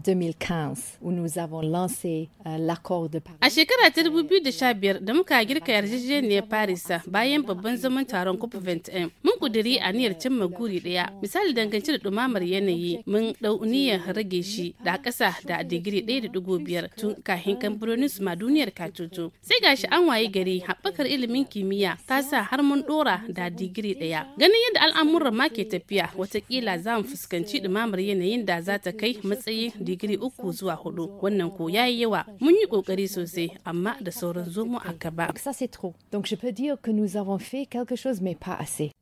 2015 où nous avons lancé euh, l'accord de Paris. A shekara ta 2015 da muka girka yarjejeniyar Paris bayan babban zaman taron COP21 Mun kuduri aniyar cimma guri daya Misali dangance da dumamar yanayi mun dauniyar rage shi da ƙasa da digiri daya da ɗigo biyar tun kahin kamfanonin su ma duniyar katutu. Sai ga shi an waye gari haɓakar ilimin kimiyya ta sa har mun dora da digiri daya Ganin yadda al'amura ma ke tafiya watakila za mu fuskanci dumamar yanayin da za ta kai matsayin digiri uku zuwa hudu. Wannan ko ya yi yawa mun yi ƙoƙari sosai amma da sauran zomo a gaba.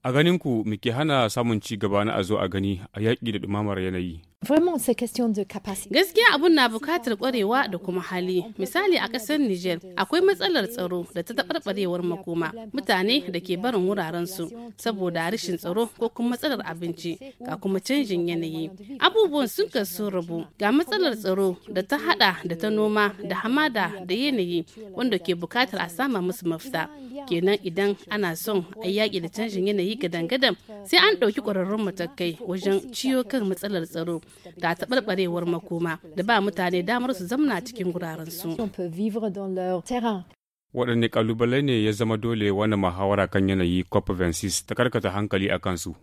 A ganin ganinku muke hana samun ci gaba na a zo a gani a yaƙi da ɗumamar yanayi. Vraiment, c'est question de capacité. Gaskiya abun na bukatar kwarewa da kuma hali. Misali a ƙasar Niger, akwai matsalar tsaro da ta tabarbarewar makoma. Mutane da ke barin wuraren su saboda rashin tsaro ko kuma matsalar abinci ga kuma canjin yanayi. Abubuwan sun kasu rabu ga matsalar tsaro da ta hada da ta noma da hamada da yanayi wanda ke bukatar a sama musu mafita. kenan idan ana son a yaƙi da canjin yanayi gadan-gadan sai an ɗauki ƙwararrun matakai wajen ciyo kan matsalar tsaro da taɓarɓarewar makoma da ba mutane damar su zamna cikin gurarensu. waɗanne ƙalubale ne ya zama dole wani muhawara kan yanayi cop 26 ta karkata hankali a kansu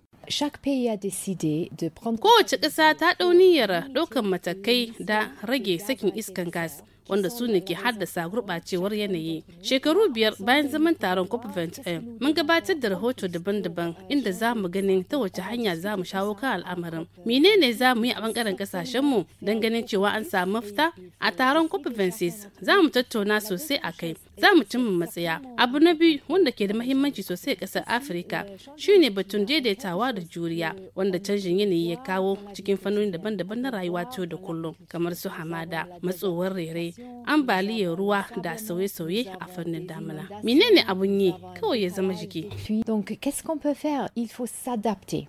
kowace ƙasa ta ɗau niyyar ɗaukan matakai da rage sakin iskan gas wanda su ne ke haddasa gurɓacewar yanayi shekaru biyar bayan zaman taron cop 21 mun gabatar da rahoto daban-daban inda za mu ganin ta wace hanya za mu shawo kan al'amarin menene za mu yi a bangaren kasashenmu don ganin cewa an samu mafita a taron cop 26 za mu tattauna sosai a kai za mu cimma matsaya abu na biyu wanda ke da mahimmanci sosai ƙasar afirka shine batun daidaitawa da juriya wanda canjin yanayi ya kawo cikin fannoni daban-daban na rayuwa to da kullum kamar su hamada matsowar rere ambaliyar ruwa da sauye-sauye a fannin damina menene abun yi kawai ya zama jiki Donc, qu'est-ce qu'on peut faire Il faut s'adapter.